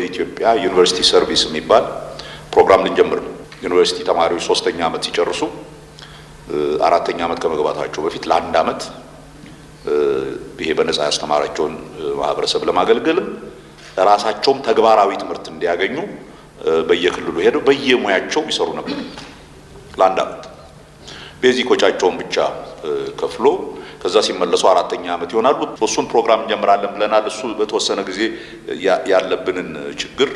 የኢትዮጵያ ዩኒቨርሲቲ ሰርቪስ የሚባል ፕሮግራም ልንጀምር ነው። ዩኒቨርሲቲ ተማሪዎች ሶስተኛ ዓመት ሲጨርሱ አራተኛ ዓመት ከመግባታቸው በፊት ለአንድ ዓመት ይሄ በነፃ ያስተማራቸውን ማህበረሰብ ለማገልገልም ራሳቸውም ተግባራዊ ትምህርት እንዲያገኙ በየክልሉ ሄደው በየሙያቸው ይሰሩ ነበር። ለአንድ ዓመት ቤዚኮቻቸውን ብቻ ከፍሎ ከዛ ሲመለሱ አራተኛ ዓመት ይሆናሉ። እሱን ፕሮግራም እንጀምራለን ብለናል። እሱ በተወሰነ ጊዜ ያለብንን ችግር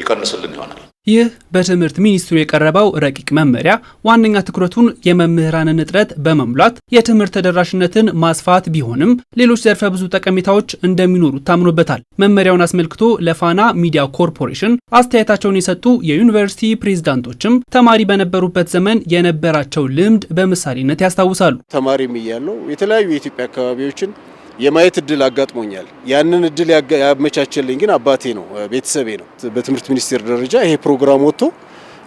ይቀንስልን ይሆናል። ይህ በትምህርት ሚኒስትሩ የቀረበው ረቂቅ መመሪያ ዋነኛ ትኩረቱን የመምህራንን እጥረት በመሙላት የትምህርት ተደራሽነትን ማስፋት ቢሆንም ሌሎች ዘርፈ ብዙ ጠቀሜታዎች እንደሚኖሩ ታምኖበታል። መመሪያውን አስመልክቶ ለፋና ሚዲያ ኮርፖሬሽን አስተያየታቸውን የሰጡ የዩኒቨርሲቲ ፕሬዝዳንቶችም ተማሪ በነበሩበት ዘመን የነበራቸው ልምድ በምሳሌነት ያስታውሳሉ። ተማሪ እያለሁ የተለያዩ የኢትዮጵያ አካባቢዎችን የማየት እድል አጋጥሞኛል። ያንን እድል ያመቻቸልኝ ግን አባቴ ነው፣ ቤተሰቤ ነው። በትምህርት ሚኒስቴር ደረጃ ይሄ ፕሮግራም ወጥቶ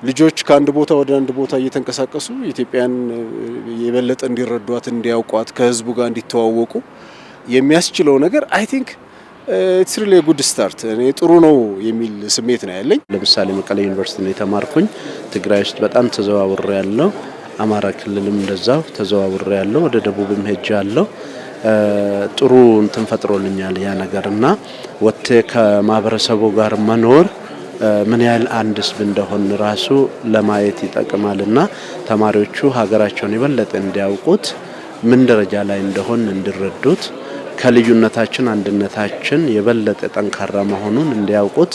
ልጆች ከአንድ ቦታ ወደ አንድ ቦታ እየተንቀሳቀሱ ኢትዮጵያን የበለጠ እንዲረዷት፣ እንዲያውቋት፣ ከህዝቡ ጋር እንዲተዋወቁ የሚያስችለው ነገር አይ ቲንክ ኢትስ ሪሊ ጉድ ስታርት እኔ ጥሩ ነው የሚል ስሜት ነው ያለኝ። ለምሳሌ መቀለ ዩኒቨርሲቲ ነው የተማርኩኝ። ትግራይ ውስጥ በጣም ተዘዋውሬ ያለው፣ አማራ ክልልም እንደዛው ተዘዋውሬ ያለው፣ ወደ ደቡብም ሄጃ አለው። ጥሩ እንትን ፈጥሮልኛል ያ ነገር እና ወጥቴ ከማህበረሰቡ ጋር መኖር ምን ያህል አንድ ህዝብ እንደሆን ራሱ ለማየት ይጠቅማል እና ተማሪዎቹ ሀገራቸውን የበለጠ እንዲያውቁት ምን ደረጃ ላይ እንደሆን እንዲረዱት ከልዩነታችን አንድነታችን የበለጠ ጠንካራ መሆኑን እንዲያውቁት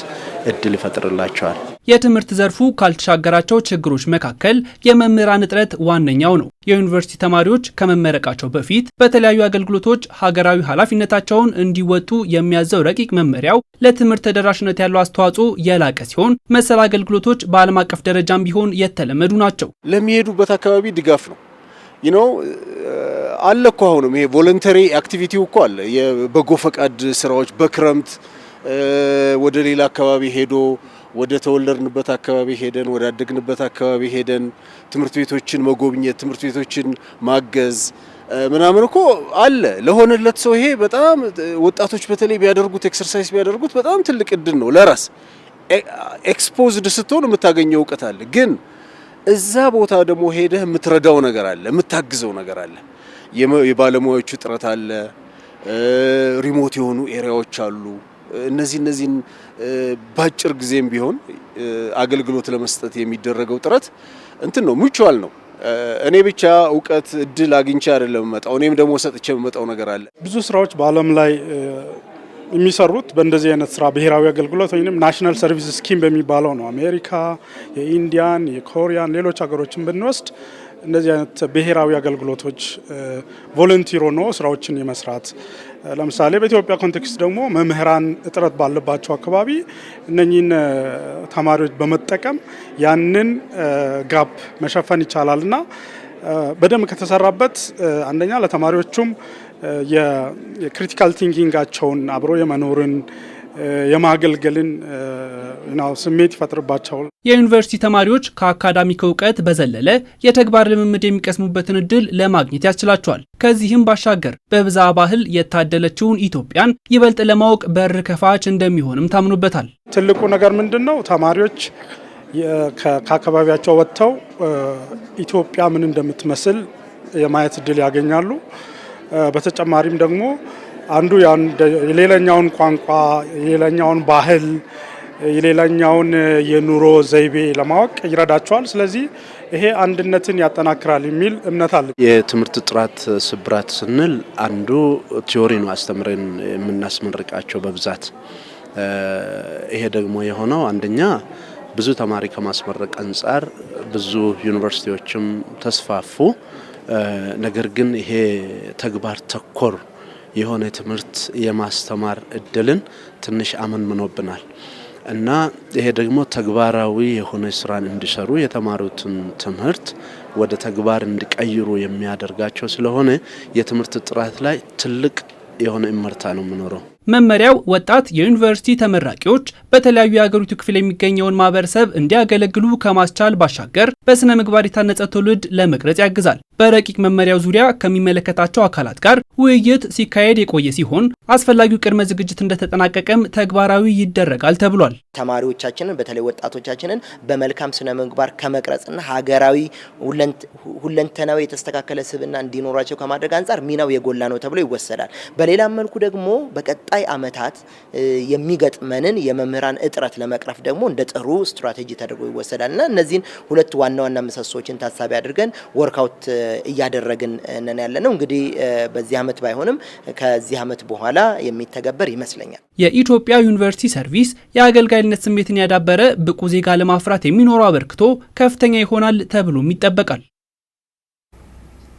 እድል ይፈጥርላቸዋል። የትምህርት ዘርፉ ካልተሻገራቸው ችግሮች መካከል የመምህራን እጥረት ዋነኛው ነው። የዩኒቨርሲቲ ተማሪዎች ከመመረቃቸው በፊት በተለያዩ አገልግሎቶች ሀገራዊ ኃላፊነታቸውን እንዲወጡ የሚያዘው ረቂቅ መመሪያው ለትምህርት ተደራሽነት ያለው አስተዋጽኦ የላቀ ሲሆን መሰል አገልግሎቶች በዓለም አቀፍ ደረጃም ቢሆን የተለመዱ ናቸው። ለሚሄዱበት አካባቢ ድጋፍ ነው ይኖ uh, አለ እኮ አሁንም ይሄ ቮለንተሪ አክቲቪቲው እኮ አለ። የበጎ ፈቃድ ስራዎች በክረምት uh, ወደ ሌላ አካባቢ ሄዶ ወደ ተወለድንበት አካባቢ ሄደን ወደ አደግንበት አካባቢ ሄደን ትምህርት ቤቶችን መጎብኘት፣ ትምህርት ቤቶችን ማገዝ uh, ምናምን እኮ አለ። ለሆነለት ሰው ይሄ በጣም ወጣቶች በተለይ ቢያደርጉት ኤክሰርሳይዝ ቢያደርጉት በጣም ትልቅ እድል ነው። ለራስ ኤክስፖዝድ ስትሆን የምታገኘው እውቀት አለ ግን እዛ ቦታ ደግሞ ሄደህ የምትረዳው ነገር አለ፣ የምታግዘው ነገር አለ። የባለሙያዎቹ ጥረት አለ፣ ሪሞት የሆኑ ኤሪያዎች አሉ። እነዚህ እነዚህን በአጭር ጊዜም ቢሆን አገልግሎት ለመስጠት የሚደረገው ጥረት እንትን ነው፣ ምቹዋል ነው። እኔ ብቻ እውቀት እድል አግኝቼ አይደለም መጣው፣ እኔም ደግሞ ሰጥቼ መጣው ነገር አለ። ብዙ ስራዎች በአለም ላይ የሚሰሩት በእንደዚህ አይነት ስራ ብሔራዊ አገልግሎት ወይም ናሽናል ሰርቪስ ስኪም በሚባለው ነው። አሜሪካ፣ የኢንዲያን፣ የኮሪያን ሌሎች ሀገሮችን ብንወስድ እንደዚህ አይነት ብሔራዊ አገልግሎቶች ቮለንቲር ሆኖ ስራዎችን የመስራት ለምሳሌ በኢትዮጵያ ኮንቴክስት ደግሞ መምህራን እጥረት ባለባቸው አካባቢ እነኚህን ተማሪዎች በመጠቀም ያንን ጋፕ መሸፈን ይቻላልና በደንብ ከተሰራበት አንደኛ ለተማሪዎቹም የክሪቲካል ቲንኪንጋቸውን አብሮ የመኖርን የማገልገልን ነው ስሜት ይፈጥርባቸዋል። የዩኒቨርሲቲ ተማሪዎች ከአካዳሚክ እውቀት በዘለለ የተግባር ልምምድ የሚቀስሙበትን እድል ለማግኘት ያስችላቸዋል። ከዚህም ባሻገር በብዛ ባህል የታደለችውን ኢትዮጵያን ይበልጥ ለማወቅ በር ከፋች እንደሚሆንም ታምኑበታል። ትልቁ ነገር ምንድን ነው? ተማሪዎች ከአካባቢያቸው ወጥተው ኢትዮጵያ ምን እንደምትመስል የማየት እድል ያገኛሉ። በተጨማሪም ደግሞ አንዱ የሌላኛውን ቋንቋ፣ የሌላኛውን ባህል፣ የሌላኛውን የኑሮ ዘይቤ ለማወቅ ይረዳቸዋል። ስለዚህ ይሄ አንድነትን ያጠናክራል የሚል እምነት አለ። የትምህርት ጥራት ስብራት ስንል አንዱ ቲዮሪ ነው አስተምረን የምናስመርቃቸው በብዛት ይሄ ደግሞ የሆነው አንደኛ ብዙ ተማሪ ከማስመረቅ አንጻር ብዙ ዩኒቨርሲቲዎችም ተስፋፉ። ነገር ግን ይሄ ተግባር ተኮር የሆነ ትምህርት የማስተማር እድልን ትንሽ አመንምኖብናል እና ይሄ ደግሞ ተግባራዊ የሆነ ስራን እንዲሰሩ የተማሩትን ትምህርት ወደ ተግባር እንዲቀይሩ የሚያደርጋቸው ስለሆነ የትምህርት ጥራት ላይ ትልቅ የሆነ እመርታ ነው የሚኖረው። መመሪያው ወጣት የዩኒቨርሲቲ ተመራቂዎች በተለያዩ የሀገሪቱ ክፍል የሚገኘውን ማህበረሰብ እንዲያገለግሉ ከማስቻል ባሻገር በስነ ምግባር የታነጸ ትውልድ ለመቅረጽ ያግዛል። በረቂቅ መመሪያው ዙሪያ ከሚመለከታቸው አካላት ጋር ውይይት ሲካሄድ የቆየ ሲሆን አስፈላጊው ቅድመ ዝግጅት እንደተጠናቀቀም ተግባራዊ ይደረጋል ተብሏል። ተማሪዎቻችንን በተለይ ወጣቶቻችንን በመልካም ስነ ምግባር ከመቅረጽና ሀገራዊ ሁለንተናዊ የተስተካከለ ስብዕና እንዲኖራቸው ከማድረግ አንጻር ሚናው የጎላ ነው ተብሎ ይወሰዳል። በሌላም መልኩ ደግሞ በቀጥ በቀጣይ ዓመታት የሚገጥመንን የመምህራን እጥረት ለመቅረፍ ደግሞ እንደ ጥሩ ስትራቴጂ ተደርጎ ይወሰዳል እና እነዚህን ሁለት ዋና ዋና ምሰሶዎችን ታሳቢ አድርገን ወርክአውት እያደረግን ነን ያለ ነው። እንግዲህ በዚህ ዓመት ባይሆንም ከዚህ ዓመት በኋላ የሚተገበር ይመስለኛል። የኢትዮጵያ ዩኒቨርሲቲ ሰርቪስ የአገልጋይነት ስሜትን ያዳበረ ብቁ ዜጋ ለማፍራት የሚኖረው አበርክቶ ከፍተኛ ይሆናል ተብሎም ይጠበቃል።